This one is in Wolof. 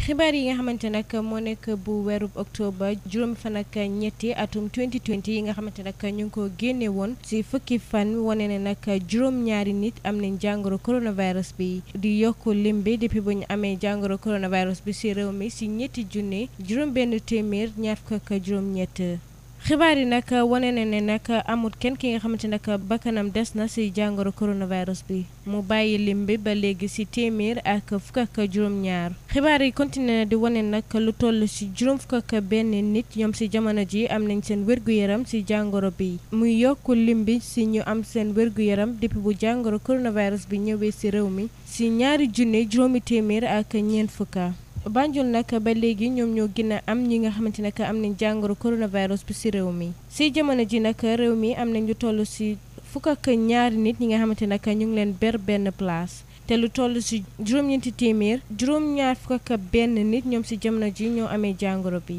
xibaar yi nga xamante nag moo nekk bu weerub octobre juróom fan ak ñetti atum 2020 yi nga xamante nag ñu ngi ko génne woon ci fukki fan wane ne nag juróom-ñaari nit am nañ jàngoro coronavirus bi di yokk lim bi depuis bu ñu amee jàngoro coronavirus bi ci réew mi ci ñetti junne juróom benn téeméer ñaar fukk ak juróom-ñett. xibaar yi nag wane na ne nag amut kenn ki nga xamante nag bakkanam des na si jàngoro coronavirus bi mu bàyyi lim bi ba léegi si téeméer ak fukk ak juróom-ñaar xibaar yi continué na di wane nag lu toll si juróom fukk ak benn nit ñoom si jamono ji am nañ seen wér-gu-yaram si jàngoro bi muy yokk lim bi si ñu am seen wér-gu-yaram depuis bu jàngoro coronavirus bi ñëwee si réew mi si ñaari junné juróomi téeméer ak ñeent fukka Banjul nag ba léegi ñoom ñoo gën a am ñi nga xamante ne am nañ jàngoro coronavirus bi ci réew mi ci jamono ji nag réew mi am ñu toll ci fukk ak ñaari nit ñi nga xamante ne ñu ngi leen ber benn place te lu toll ci juróom-ñeenti téeméer juróom-ñaar fukk ak benn nit ñoom ci jamono ji ñoo amee jàngoro bi